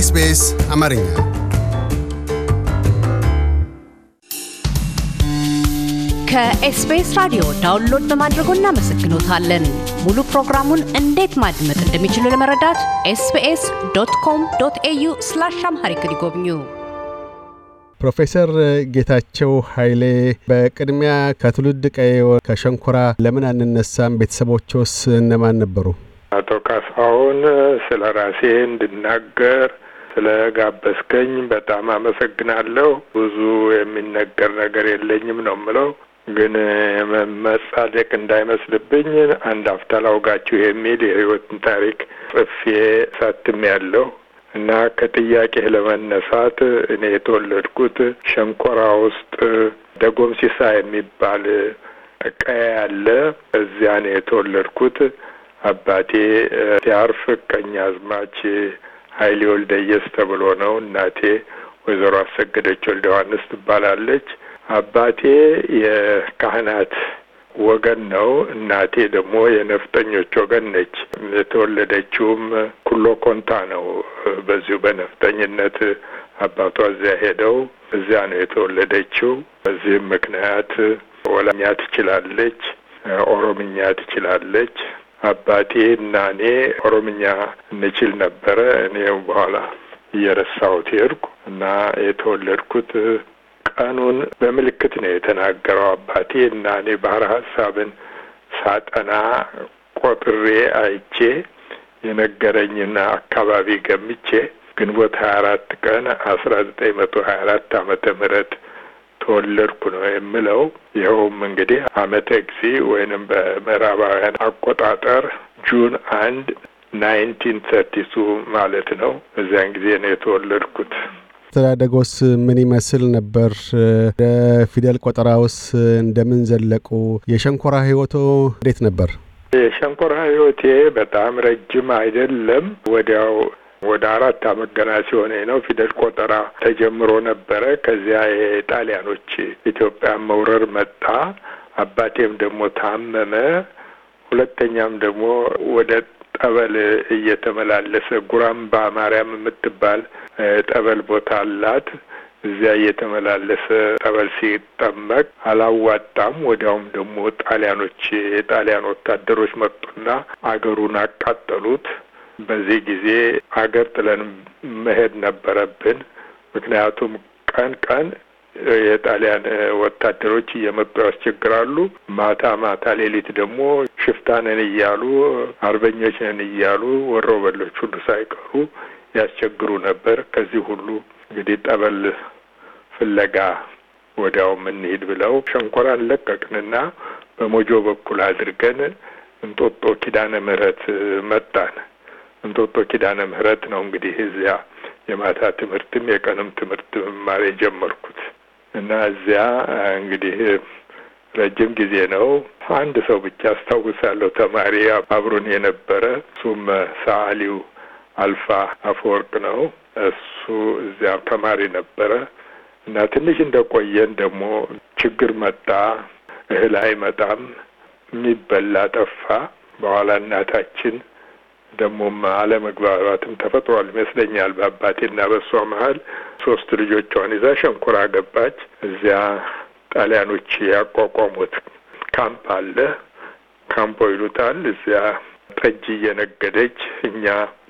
ኤስቢኤስ አማርኛ ከኤስቢኤስ ራዲዮ ዳውንሎድ በማድረጎ እናመሰግኖታለን። ሙሉ ፕሮግራሙን እንዴት ማድመጥ እንደሚችሉ ለመረዳት ኤስቢኤስ ዶት ኮም ዶት ኤዩ ስላሽ አምሃሪክ ይጎብኙ። ፕሮፌሰር ጌታቸው ኃይሌ በቅድሚያ ከትውልድ ቀዬ ከሸንኮራ ለምን አንነሳም? ቤተሰቦችስ እነማን ነበሩ? አቶ ካሳሁን ስለ ራሴ እንድናገር ስለ ጋበዝከኝ በጣም አመሰግናለሁ። ብዙ የሚነገር ነገር የለኝም ነው የምለው፣ ግን መጻደቅ እንዳይመስልብኝ አንድ አፍታ ላውጋችሁ የሚል የህይወትን ታሪክ ጽፌ ሳትም ያለው እና ከጥያቄ ለመነሳት እኔ የተወለድኩት ሸንኮራ ውስጥ ደጎምሲሳ የሚባል ቀያ ያለ እዚያ ነው የተወለድኩት። አባቴ ሲያርፍ አዝማች ኃይሌ ወልደየስ ተብሎ ነው። እናቴ ወይዘሮ አሰገደች ወልደ ዮሐንስ ትባላለች። አባቴ የካህናት ወገን ነው። እናቴ ደግሞ የነፍጠኞች ወገን ነች። የተወለደችውም ኩሎ ኮንታ ነው። በዚሁ በነፍጠኝነት አባቷ እዚያ ሄደው እዚያ ነው የተወለደችው። በዚህም ምክንያት ወላኛ ትችላለች፣ ኦሮምኛ ትችላለች፣ አባቴ እና እኔ ኦሮምኛ እንችል ነበረ። እኔው በኋላ እየረሳሁት ሄድኩ እና የተወለድኩት ቀኑን በምልክት ነው የተናገረው አባቴ እና እኔ ባህረ ሀሳብን ሳጠና ቆጥሬ አይቼ የነገረኝና አካባቢ ገምቼ ግንቦት ሀያ አራት ቀን አስራ ዘጠኝ መቶ ሀያ አራት አመተ ምህረት ተወለድኩ ነው የምለው። ይኸውም እንግዲህ አመተ ጊዜ ወይንም በምዕራባውያን አቆጣጠር ጁን አንድ ናይንቲን ተርቲቱ ማለት ነው። እዚያን ጊዜ ነው የተወለድኩት። አስተዳደጎስ ምን ይመስል ነበር? ፊደል ቆጠራውስ እንደምን ዘለቁ? የሸንኮራ ህይወቶ እንዴት ነበር? የሸንኮራ ህይወቴ በጣም ረጅም አይደለም። ወዲያው ወደ አራት አመት ገና ሲሆነኝ ነው ፊደል ቆጠራ ተጀምሮ ነበረ። ከዚያ የጣሊያኖች ኢትዮጵያን መውረር መጣ። አባቴም ደግሞ ታመመ። ሁለተኛም ደግሞ ወደ ጠበል እየተመላለሰ ጉራምባ ማርያም የምትባል ጠበል ቦታ አላት። እዚያ እየተመላለሰ ጠበል ሲጠመቅ አላዋጣም። ወዲያውም ደግሞ ጣሊያኖች የጣሊያን ወታደሮች መጡና አገሩን አቃጠሉት። በዚህ ጊዜ አገር ጥለን መሄድ ነበረብን። ምክንያቱም ቀን ቀን የጣሊያን ወታደሮች እየመጡ ያስቸግራሉ። ማታ ማታ ሌሊት ደግሞ ሽፍታ ነን እያሉ አርበኞች ነን እያሉ ወሮ በሎች ሁሉ ሳይቀሩ ያስቸግሩ ነበር። ከዚህ ሁሉ እንግዲህ ጠበል ፍለጋ ወዲያው የምንሄድ ብለው ሸንኮራን ለቀቅንና በሞጆ በኩል አድርገን እንጦጦ ኪዳነ ምሕረት መጣን። እንጦጦ ኪዳነ ምህረት ነው እንግዲህ እዚያ የማታ ትምህርትም የቀንም ትምህርት መማር የጀመርኩት እና እዚያ እንግዲህ ረጅም ጊዜ ነው። አንድ ሰው ብቻ አስታውሳለሁ፣ ተማሪ አብሮን የነበረ እሱም ሰዓሊው አልፋ አፈወርቅ ነው። እሱ እዚያ ተማሪ ነበረ እና ትንሽ እንደቆየን ደግሞ ችግር መጣ። እህል አይመጣም፣ የሚበላ ጠፋ። በኋላ እናታችን ደግሞም አለመግባባትም ተፈጥሯል ይመስለኛል በአባቴና በእሷ መሀል። ሶስት ልጆቿን ይዛ ሸንኮራ ገባች። እዚያ ጣሊያኖች ያቋቋሙት ካምፕ አለ። ካምፖ ይሉታል። እዚያ ጠጅ እየነገደች እኛ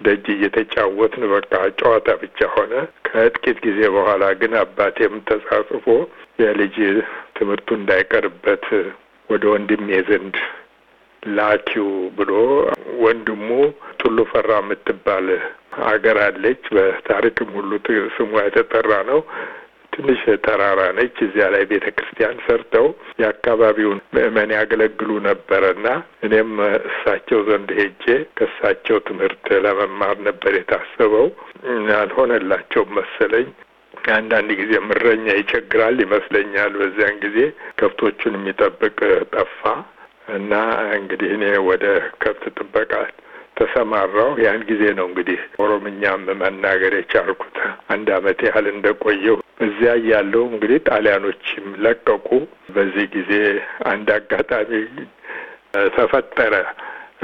ደጅ እየተጫወትን በቃ ጨዋታ ብቻ ሆነ። ከጥቂት ጊዜ በኋላ ግን አባቴም ተጻጽፎ የልጅ ትምህርቱ እንዳይቀርበት ወደ ወንድሜ ዘንድ ላኪው ብሎ ወንድሙ ቱሉ ፈራ የምትባል አገር አለች። በታሪክም ሁሉ ስሟ የተጠራ ነው። ትንሽ ተራራ ነች። እዚያ ላይ ቤተ ክርስቲያን ሰርተው የአካባቢውን ምእመን ያገለግሉ ነበረና እኔም እሳቸው ዘንድ ሄጄ ከእሳቸው ትምህርት ለመማር ነበር የታሰበው። አልሆነላቸውም መሰለኝ። አንዳንድ ጊዜ ምረኛ ይቸግራል ይመስለኛል። በዚያን ጊዜ ከብቶቹን የሚጠብቅ ጠፋ እና እንግዲህ እኔ ወደ ከብት ጥበቃ ተሰማራው። ያን ጊዜ ነው እንግዲህ ኦሮምኛም መናገር የቻልኩት። አንድ አመት ያህል እንደቆየው እዚያ እያለሁ እንግዲህ ጣሊያኖችም ለቀቁ። በዚህ ጊዜ አንድ አጋጣሚ ተፈጠረ።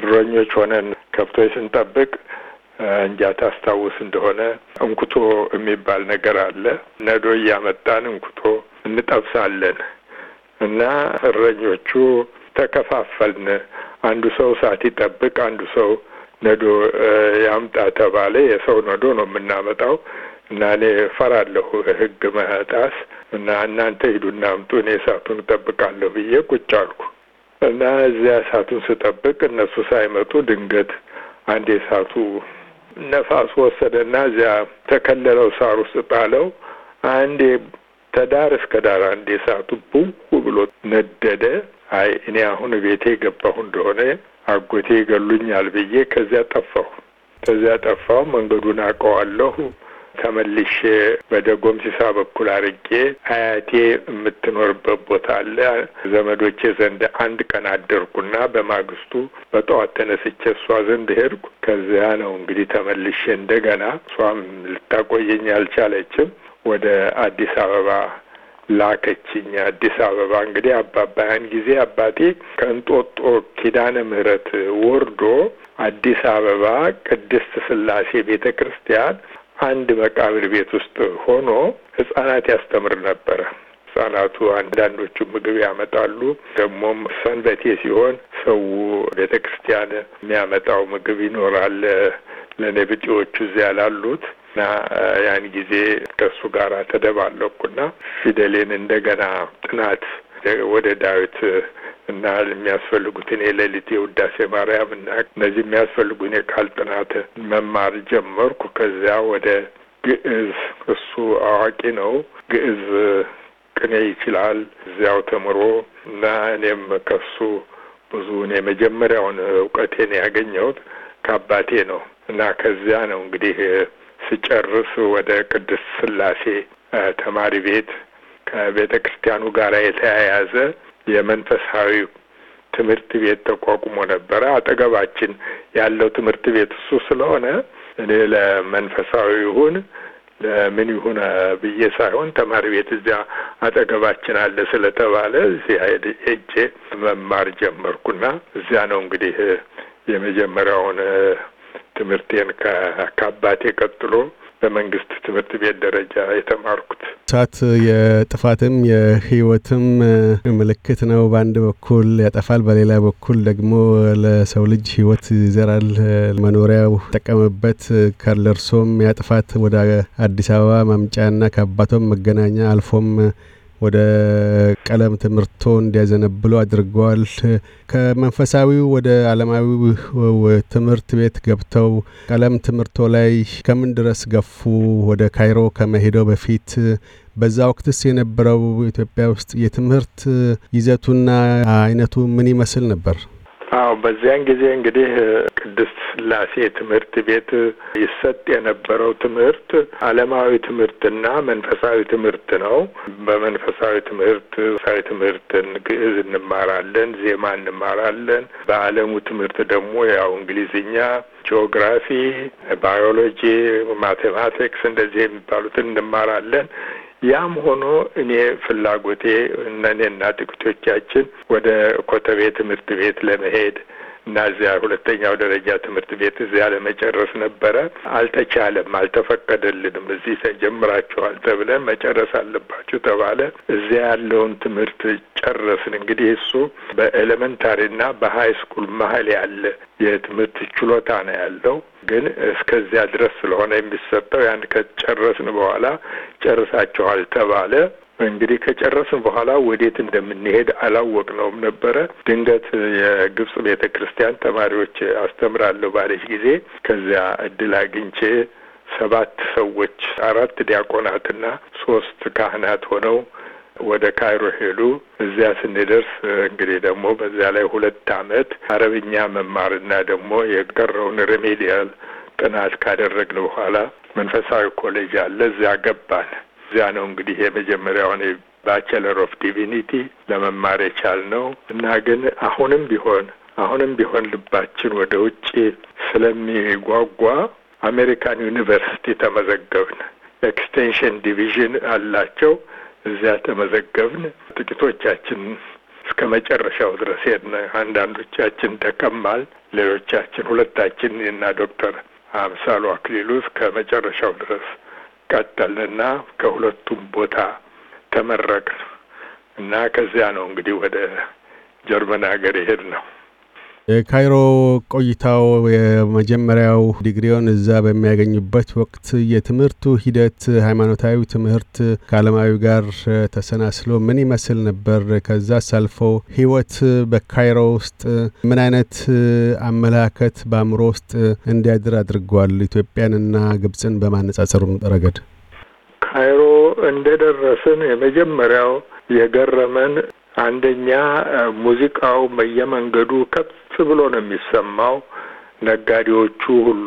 እረኞች ሆነን ከብቶች ስንጠብቅ እንጃ ታስታውስ እንደሆነ እንኩቶ የሚባል ነገር አለ። ነዶ እያመጣን እንኩቶ እንጠብሳለን እና እረኞቹ ተከፋፈልን። አንዱ ሰው ሰዓት ይጠብቅ፣ አንዱ ሰው ነዶ ያምጣ ተባለ። የሰው ነዶ ነው የምናመጣው እና እኔ ፈራለሁ ህግ መጣስ እና እናንተ ሂዱና አምጡ፣ እኔ እሳቱን እጠብቃለሁ ብዬ ቁጭ አልኩ እና እዚያ እሳቱን ስጠብቅ እነሱ ሳይመጡ ድንገት አንድ የእሳቱ ነፋስ ወሰደና እዚያ ተከለለው ሳር ውስጥ ጣለው። አንዴ ተዳር እስከ ዳር አንድ እሳቱ ቡው ብሎ ነደደ። አይ እኔ አሁን ቤቴ ገባሁ እንደሆነ አጎቴ ይገሉኛል ብዬ ከዚያ ጠፋሁ። ከዚያ ጠፋሁ። መንገዱን አውቀዋለሁ። ተመልሼ ሲሳ በኩል አርጌ አያቴ የምትኖርበት ቦታ አለ ዘመዶቼ ዘንድ አንድ ቀን አደርኩና በማግስቱ በጠዋት ተነስቼ እሷ ዘንድ ሄድኩ። ከዚያ ነው እንግዲህ ተመልሼ እንደገና እሷም ልታቆየኝ አልቻለችም። ወደ አዲስ አበባ ላከችኝ አዲስ አበባ። እንግዲህ አባባ ያን ጊዜ አባቴ ከእንጦጦ ኪዳነ ምሕረት ወርዶ አዲስ አበባ ቅድስት ስላሴ ቤተ ክርስቲያን አንድ መቃብር ቤት ውስጥ ሆኖ ህጻናት ያስተምር ነበረ። ህጻናቱ አንዳንዶቹ ምግብ ያመጣሉ። ደግሞም ሰንበቴ ሲሆን ሰው ቤተ ክርስቲያን የሚያመጣው ምግብ ይኖራል ለነብጤዎቹ እዚያ ላሉት እና ያን ጊዜ ከእሱ ጋር ተደባለኩና ፊደሌን እንደገና ጥናት ወደ ዳዊት እና የሚያስፈልጉትን የሌሊት የውዳሴ ማርያም እና እነዚህ የሚያስፈልጉን የቃል ጥናት መማር ጀመርኩ። ከዚያ ወደ ግዕዝ እሱ አዋቂ ነው። ግዕዝ ቅኔ ይችላል። እዚያው ተምሮ እና እኔም ከሱ ብዙውን የመጀመሪያውን እውቀቴን ያገኘሁት ከአባቴ ነው እና ከዚያ ነው እንግዲህ ስጨርስ ወደ ቅድስት ስላሴ ተማሪ ቤት ከቤተ ክርስቲያኑ ጋር የተያያዘ የመንፈሳዊ ትምህርት ቤት ተቋቁሞ ነበረ። አጠገባችን ያለው ትምህርት ቤት እሱ ስለሆነ እኔ ለመንፈሳዊ ይሁን ለምን ይሁን ብዬ ሳይሆን ተማሪ ቤት እዚያ አጠገባችን አለ ስለተባለ እዚያ ሄጄ መማር ጀመርኩና እዚያ ነው እንግዲህ የመጀመሪያውን ትምህርቴን ከአባቴ ቀጥሎ በመንግስት ትምህርት ቤት ደረጃ የተማርኩት። እሳት የጥፋትም የህይወትም ምልክት ነው። በአንድ በኩል ያጠፋል፣ በሌላ በኩል ደግሞ ለሰው ልጅ ህይወት ይዘራል። መኖሪያው ጠቀምበት ካለርሶም ያጥፋት ወደ አዲስ አበባ ማምጫና ከአባቶም መገናኛ አልፎም ወደ ቀለም ትምህርቶ እንዲያዘነብሎ አድርገዋል። ከመንፈሳዊው ወደ ዓለማዊው ትምህርት ቤት ገብተው ቀለም ትምህርቶ ላይ ከምን ድረስ ገፉ? ወደ ካይሮ ከመሄደው በፊት በዛ ወቅትስ የነበረው ኢትዮጵያ ውስጥ የትምህርት ይዘቱና አይነቱ ምን ይመስል ነበር? አዎ በዚያን ጊዜ እንግዲህ ቅድስት ስላሴ ትምህርት ቤት ይሰጥ የነበረው ትምህርት ዓለማዊ ትምህርትና መንፈሳዊ ትምህርት ነው። በመንፈሳዊ ትምህርት ሳዊ ትምህርትን ግዕዝ እንማራለን፣ ዜማ እንማራለን። በዓለሙ ትምህርት ደግሞ ያው እንግሊዝኛ፣ ጂኦግራፊ፣ ባዮሎጂ፣ ማቴማቲክስ እንደዚህ የሚባሉትን እንማራለን። ያም ሆኖ እኔ ፍላጎቴ እነኔና ጥቂቶቻችን ወደ ኮተቤ ትምህርት ቤት ለመሄድ እና እዚያ ሁለተኛው ደረጃ ትምህርት ቤት እዚያ ለመጨረስ ነበረ። አልተቻለም፣ አልተፈቀደልንም። እዚህ ተጀምራችኋል ተብለ መጨረስ አለባችሁ ተባለ። እዚያ ያለውን ትምህርት ጨረስን። እንግዲህ እሱ በኤሌመንታሪና በሀይ ስኩል መሀል ያለ የትምህርት ችሎታ ነው ያለው ግን እስከዚያ ድረስ ስለሆነ የሚሰጠው ያን ከጨረስን በኋላ ጨርሳችኋል ተባለ። እንግዲህ ከጨረስን በኋላ ወዴት እንደምንሄድ አላወቅነውም ነበረ። ድንገት የግብጽ ቤተ ክርስቲያን ተማሪዎች አስተምራለሁ ባለች ጊዜ ከዚያ እድል አግኝቼ ሰባት ሰዎች አራት ዲያቆናትና ሶስት ካህናት ሆነው ወደ ካይሮ ሄዱ። እዚያ ስንደርስ እንግዲህ ደግሞ በዚያ ላይ ሁለት አመት አረብኛ መማርና ደግሞ የቀረውን ሪሜዲያል ጥናት ካደረግን በኋላ መንፈሳዊ ኮሌጅ አለ፣ እዚያ ገባን። እዚያ ነው እንግዲህ የመጀመሪያውን ባቸለር ኦፍ ዲቪኒቲ ለመማር የቻልነው እና ግን አሁንም ቢሆን አሁንም ቢሆን ልባችን ወደ ውጭ ስለሚጓጓ አሜሪካን ዩኒቨርሲቲ ተመዘገብን። ኤክስቴንሽን ዲቪዥን አላቸው። እዚያ ተመዘገብን። ጥቂቶቻችን እስከ መጨረሻው ድረስ ሄድን። አንዳንዶቻችን ደከማል። ሌሎቻችን ሁለታችን እና ዶክተር አምሳሉ አክሊሉ እስከ መጨረሻው ድረስ ቀጠልንና ከሁለቱም ቦታ ተመረቅ እና ከዚያ ነው እንግዲህ ወደ ጀርመን ሀገር የሄድ ነው። የካይሮ ቆይታው የመጀመሪያው ዲግሪውን እዛ በሚያገኙበት ወቅት የትምህርቱ ሂደት ሃይማኖታዊ ትምህርት ከዓለማዊ ጋር ተሰናስሎ ምን ይመስል ነበር? ከዛ ሳልፎ ህይወት በካይሮ ውስጥ ምን አይነት አመለካከት በአእምሮ ውስጥ እንዲያድር አድርጓል? ኢትዮጵያንና ግብፅን በማነጻጸሩ ረገድ ካይሮ እንደደረስን የመጀመሪያው የገረመን አንደኛ ሙዚቃው በየመንገዱ ከፍ ብሎ ነው የሚሰማው። ነጋዴዎቹ ሁሉ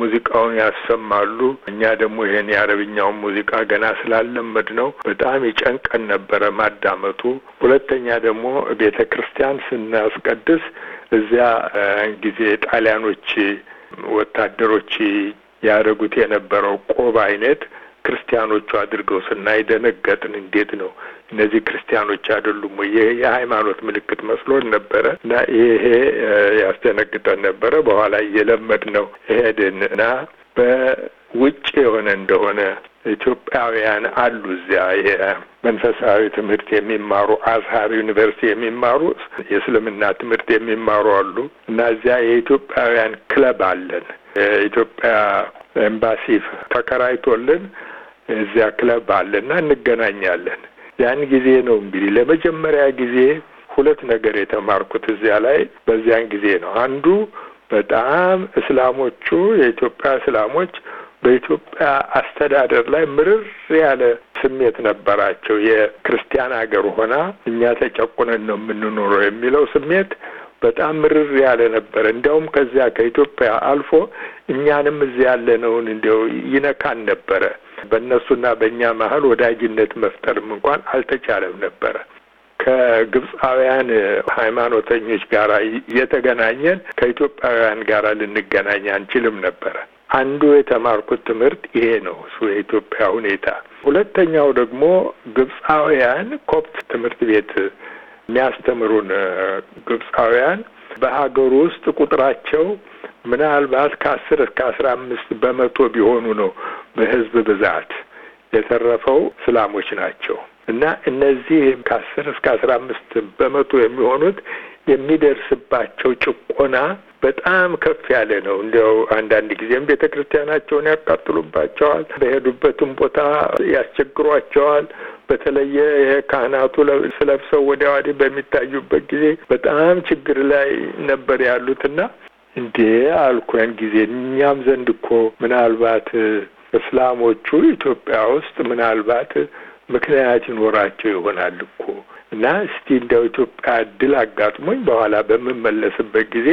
ሙዚቃውን ያሰማሉ። እኛ ደግሞ ይሄን የአረብኛውን ሙዚቃ ገና ስላለመድ ነው በጣም ይጨንቀን ነበረ ማዳመጡ። ሁለተኛ ደግሞ ቤተ ክርስቲያን ስናስቀድስ እዚያ ጊዜ ጣሊያኖች ወታደሮች ያደረጉት የነበረው ቆብ አይነት ክርስቲያኖቹ አድርገው ስናይ ደነገጥን። እንዴት ነው እነዚህ ክርስቲያኖች አይደሉም ወይ? ይሄ የሃይማኖት ምልክት መስሎን ነበረ እና ይሄ ያስደነግጠን ነበረ። በኋላ እየለመድ ነው ሄድን እና በውጭ የሆነ እንደሆነ ኢትዮጵያውያን አሉ እዚያ የመንፈሳዊ ትምህርት የሚማሩ አዝሀር ዩኒቨርሲቲ የሚማሩ የእስልምና ትምህርት የሚማሩ አሉ እና እዚያ የኢትዮጵያውያን ክለብ አለን። የኢትዮጵያ ኤምባሲ ተከራይቶልን እዚያ ክለብ አለና እንገናኛለን። ያን ጊዜ ነው እንግዲህ ለመጀመሪያ ጊዜ ሁለት ነገር የተማርኩት እዚያ ላይ በዚያን ጊዜ ነው። አንዱ በጣም እስላሞቹ የኢትዮጵያ እስላሞች በኢትዮጵያ አስተዳደር ላይ ምርር ያለ ስሜት ነበራቸው። የክርስቲያን ሀገር ሆና እኛ ተጨቁነን ነው የምንኖረው የሚለው ስሜት በጣም ምርር ያለ ነበረ። እንዲያውም ከዚያ ከኢትዮጵያ አልፎ እኛንም እዚያ ያለነውን እንዲያው ይነካን ነበረ። በእነሱና በእኛ መሀል ወዳጅነት መፍጠርም እንኳን አልተቻለም ነበረ። ከግብፃውያን ሃይማኖተኞች ጋር እየተገናኘን ከኢትዮጵያውያን ጋር ልንገናኝ አንችልም ነበረ። አንዱ የተማርኩት ትምህርት ይሄ ነው፣ እሱ የኢትዮጵያ ሁኔታ። ሁለተኛው ደግሞ ግብፃውያን ኮፕት ትምህርት ቤት የሚያስተምሩን ግብፃውያን በሀገሩ ውስጥ ቁጥራቸው ምናልባት ከአስር እስከ አስራ አምስት በመቶ ቢሆኑ ነው በህዝብ ብዛት የተረፈው እስላሞች ናቸው እና እነዚህ ከአስር እስከ አስራ አምስት በመቶ የሚሆኑት የሚደርስባቸው ጭቆና በጣም ከፍ ያለ ነው። እንዲያው አንዳንድ ጊዜም ቤተ ክርስቲያናቸውን ያቃጥሉባቸዋል፣ በሄዱበትም ቦታ ያስቸግሯቸዋል። በተለየ ይሄ ካህናቱ ለብሰው ወዲያ ወዲህ በሚታዩበት ጊዜ በጣም ችግር ላይ ነበር ያሉትና እንዴ አልኩን ጊዜ እኛም ዘንድ እኮ ምናልባት እስላሞቹ ኢትዮጵያ ውስጥ ምናልባት ምክንያት ይኖራቸው ይሆናል እኮ እና እስቲ እንደው ኢትዮጵያ እድል አጋጥሞኝ በኋላ በምመለስበት ጊዜ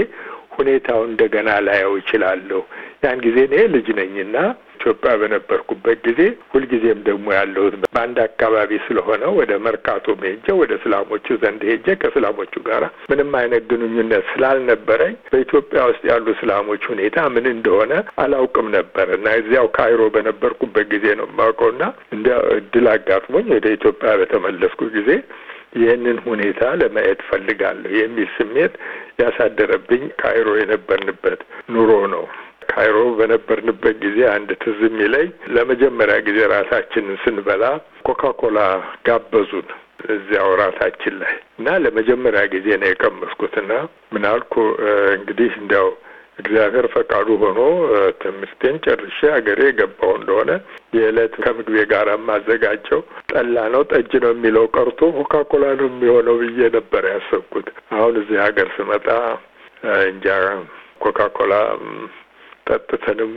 ሁኔታው እንደገና ላየው ይችላለሁ። ያን ጊዜ እኔ ልጅ ነኝና ኢትዮጵያ በነበርኩበት ጊዜ ሁልጊዜም ደግሞ ያለሁት በአንድ አካባቢ ስለሆነ ወደ መርካቶ ሄጄ ወደ እስላሞቹ ዘንድ ሄጄ ከእስላሞቹ ጋር ምንም አይነት ግንኙነት ስላልነበረኝ በኢትዮጵያ ውስጥ ያሉ እስላሞች ሁኔታ ምን እንደሆነ አላውቅም ነበር እና እዚያው ካይሮ በነበርኩበት ጊዜ ነው የማውቀውና እና እንደ እድል አጋጥሞኝ ወደ ኢትዮጵያ በተመለስኩ ጊዜ ይህንን ሁኔታ ለማየት ፈልጋለሁ የሚል ስሜት ያሳደረብኝ ካይሮ የነበርንበት ኑሮ ነው። ካይሮ በነበርንበት ጊዜ አንድ ትዝ የሚለኝ ለመጀመሪያ ጊዜ ራታችንን ስንበላ ኮካ ኮላ ጋበዙን እዚያው ራታችን ላይ እና ለመጀመሪያ ጊዜ ነው የቀመስኩት እና ምናልኩ እንግዲህ እንዲያው እግዚአብሔር ፈቃዱ ሆኖ ትምህርቴን ጨርሼ ሀገሬ የገባው እንደሆነ የዕለት ከምግቤ ጋር የማዘጋጀው ጠላ ነው፣ ጠጅ ነው የሚለው ቀርቶ ኮካኮላ ነው የሚሆነው ብዬ ነበር ያሰብኩት። አሁን እዚህ ሀገር ስመጣ እንጃ ኮካኮላ ጠጥተንም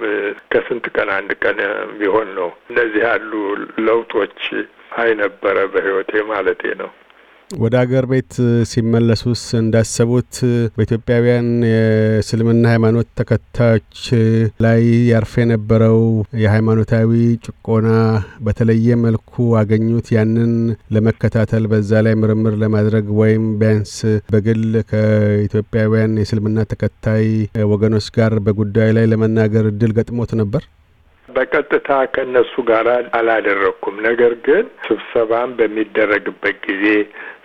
ከስንት ቀን አንድ ቀን ቢሆን ነው። እነዚህ ያሉ ለውጦች አይ ነበረ በህይወቴ ማለቴ ነው። ወደ አገር ቤት ሲመለሱስ እንዳሰቡት በኢትዮጵያውያን የእስልምና ሃይማኖት ተከታዮች ላይ ያርፍ የነበረው የሃይማኖታዊ ጭቆና በተለየ መልኩ አገኙት? ያንን ለመከታተል በዛ ላይ ምርምር ለማድረግ ወይም ቢያንስ በግል ከኢትዮጵያውያን የእስልምና ተከታይ ወገኖች ጋር በጉዳዩ ላይ ለመናገር እድል ገጥሞት ነበር? በቀጥታ ከእነሱ ጋር አላደረግኩም። ነገር ግን ስብሰባም በሚደረግበት ጊዜ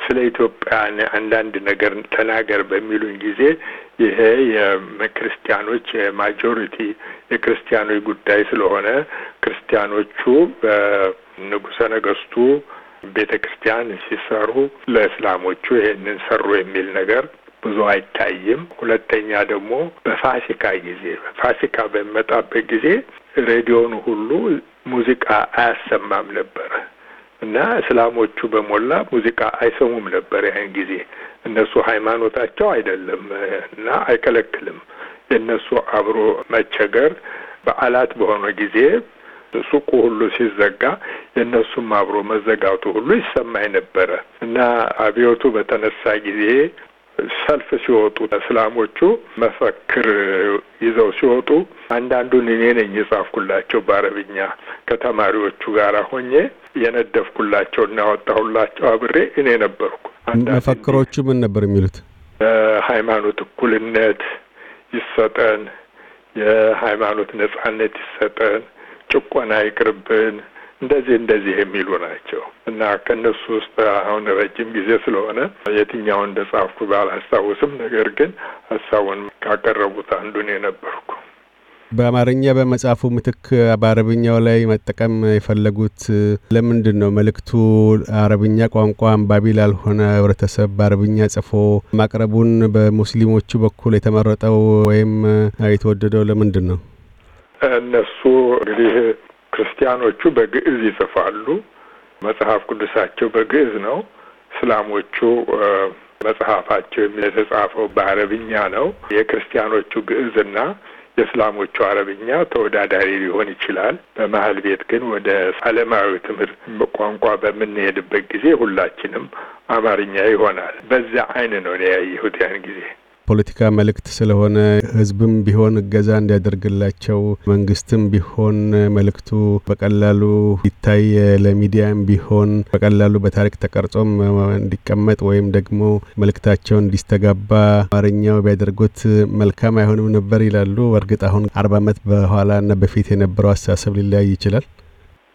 ስለ ኢትዮጵያ አንዳንድ ነገር ተናገር በሚሉኝ ጊዜ ይሄ የክርስቲያኖች የማጆሪቲ የክርስቲያኖች ጉዳይ ስለሆነ ክርስቲያኖቹ በንጉሰ ነገስቱ ቤተ ክርስቲያን ሲሰሩ ለእስላሞቹ ይሄንን ሰሩ የሚል ነገር ብዙ አይታይም። ሁለተኛ ደግሞ በፋሲካ ጊዜ ፋሲካ በሚመጣበት ጊዜ ሬዲዮን ሁሉ ሙዚቃ አያሰማም ነበር እና እስላሞቹ በሞላ ሙዚቃ አይሰሙም ነበር። ያን ጊዜ እነሱ ሃይማኖታቸው አይደለም እና አይከለክልም። የእነሱ አብሮ መቸገር በዓላት በሆነ ጊዜ ሱቁ ሁሉ ሲዘጋ የእነሱም አብሮ መዘጋቱ ሁሉ ይሰማኝ ነበረ እና አብዮቱ በተነሳ ጊዜ ሰልፍ ሲወጡ እስላሞቹ መፈክር ይዘው ሲወጡ አንዳንዱን እኔ ነኝ የጻፍኩላቸው በአረብኛ ከተማሪዎቹ ጋር ሆኜ የነደፍኩላቸው እና ያወጣሁላቸው አብሬ እኔ ነበርኩ። መፈክሮቹ ምን ነበር የሚሉት? ሃይማኖት እኩልነት ይሰጠን፣ የሃይማኖት ነጻነት ይሰጠን፣ ጭቆና ይቅርብን እንደዚህ እንደዚህ የሚሉ ናቸው እና ከእነሱ ውስጥ አሁን ረጅም ጊዜ ስለሆነ የትኛውን እንደጻፍኩ ባላስታውስም፣ ነገር ግን ሀሳቡን ካቀረቡት አንዱን የነበርኩ በአማርኛ በመጽሐፉ ምትክ በአረብኛው ላይ መጠቀም የፈለጉት ለምንድን ነው? መልእክቱ አረብኛ ቋንቋ አንባቢ ላልሆነ ህብረተሰብ በአረብኛ ጽፎ ማቅረቡን በሙስሊሞቹ በኩል የተመረጠው ወይም የተወደደው ለምንድን ነው? እነሱ እንግዲህ ክርስቲያኖቹ በግዕዝ ይጽፋሉ። መጽሐፍ ቅዱሳቸው በግዕዝ ነው። እስላሞቹ መጽሐፋቸው የተጻፈው በአረብኛ ነው። የክርስቲያኖቹ ግዕዝና የእስላሞቹ አረብኛ ተወዳዳሪ ሊሆን ይችላል። በመሀል ቤት ግን ወደ ዓለማዊ ትምህርት ቋንቋ በምንሄድበት ጊዜ ሁላችንም አማርኛ ይሆናል። በዚያ አይን ነው ያየሁት ያን ጊዜ ፖለቲካ መልእክት ስለሆነ ህዝብም ቢሆን እገዛ እንዲያደርግላቸው መንግስትም ቢሆን መልእክቱ በቀላሉ ይታይ ለሚዲያም ቢሆን በቀላሉ በታሪክ ተቀርጾም እንዲቀመጥ ወይም ደግሞ መልእክታቸው እንዲስተጋባ አማርኛው ቢያደርጉት መልካም አይሆንም ነበር ይላሉ። እርግጥ አሁን አርባ ዓመት በኋላ እና በፊት የነበረው አስተሳሰብ ሊለያይ ይችላል።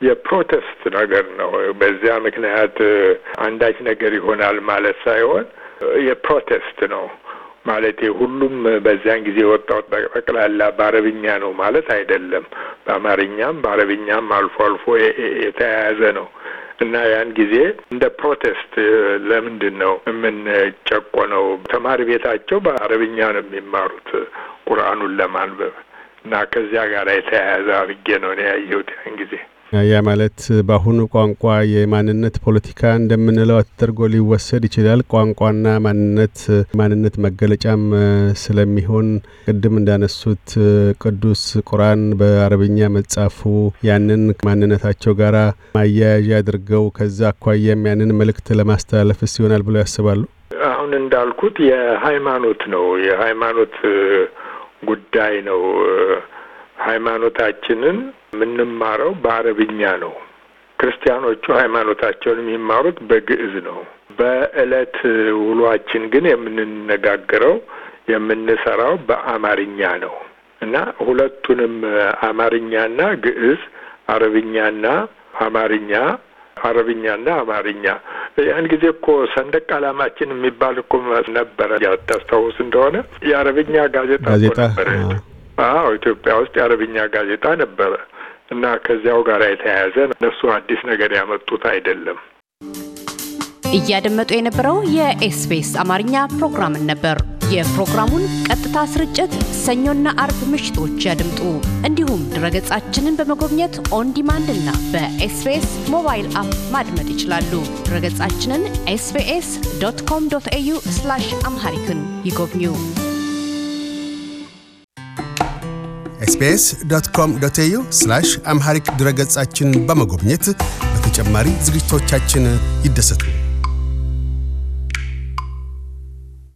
የፕሮቴስት ነገር ነው። በዚያ ምክንያት አንዳች ነገር ይሆናል ማለት ሳይሆን የፕሮቴስት ነው ማለቴ ሁሉም በዚያን ጊዜ የወጣው ጠቅላላ በአረብኛ ነው ማለት አይደለም። በአማርኛም በአረብኛም አልፎ አልፎ የተያያዘ ነው እና ያን ጊዜ እንደ ፕሮቴስት ለምንድን ነው የምንጨቆነው? ተማሪ ቤታቸው በአረብኛ ነው የሚማሩት ቁርአኑን ለማንበብ እና ከዚያ ጋር የተያያዘ አድርጌ ነው ያየሁት ያን ጊዜ። ያ ማለት በአሁኑ ቋንቋ የማንነት ፖለቲካ እንደምንለው ተደርጎ ሊወሰድ ይችላል። ቋንቋና ማንነት ማንነት መገለጫም ስለሚሆን ቅድም እንዳነሱት ቅዱስ ቁርአን በአረብኛ መጻፉ ያንን ማንነታቸው ጋር ማያያዥ አድርገው ከዛ አኳያም ያንን መልእክት ለማስተላለፍስ ይሆናል ብለው ያስባሉ። አሁን እንዳልኩት የሃይማኖት ነው የሃይማኖት ጉዳይ ነው። ሃይማኖታችንን የምንማረው በአረብኛ ነው። ክርስቲያኖቹ ሃይማኖታቸውን የሚማሩት በግዕዝ ነው። በእለት ውሏችን ግን የምንነጋገረው የምንሰራው በአማርኛ ነው እና ሁለቱንም አማርኛና ግዕዝ፣ አረብኛና አማርኛ፣ አረብኛና አማርኛ ያን ጊዜ እኮ ሰንደቅ ዓላማችን የሚባል እኮ ነበረ። ያታስታውስ እንደሆነ የአረብኛ ጋዜጣ ነበረ። አዎ ኢትዮጵያ ውስጥ የአረብኛ ጋዜጣ ነበረ እና ከዚያው ጋር የተያያዘ እነሱ አዲስ ነገር ያመጡት አይደለም። እያደመጡ የነበረው የኤስቢኤስ አማርኛ ፕሮግራምን ነበር። የፕሮግራሙን ቀጥታ ስርጭት ሰኞና አርብ ምሽቶች ያድምጡ። እንዲሁም ድረገጻችንን በመጎብኘት ኦን ዲማንድ እና በኤስቢኤስ ሞባይል አፕ ማድመጥ ይችላሉ። ድረገጻችንን ኤስቢኤስ ዶት ኮም ዶት ኤዩ አምሃሪክን ይጎብኙ። ኤስቢኤስ ዶት ኮም ዶት ኤዩ ስላሽ አምሃሪክ ድረገጻችን በመጎብኘት በተጨማሪ ዝግጅቶቻችን ይደሰቱ።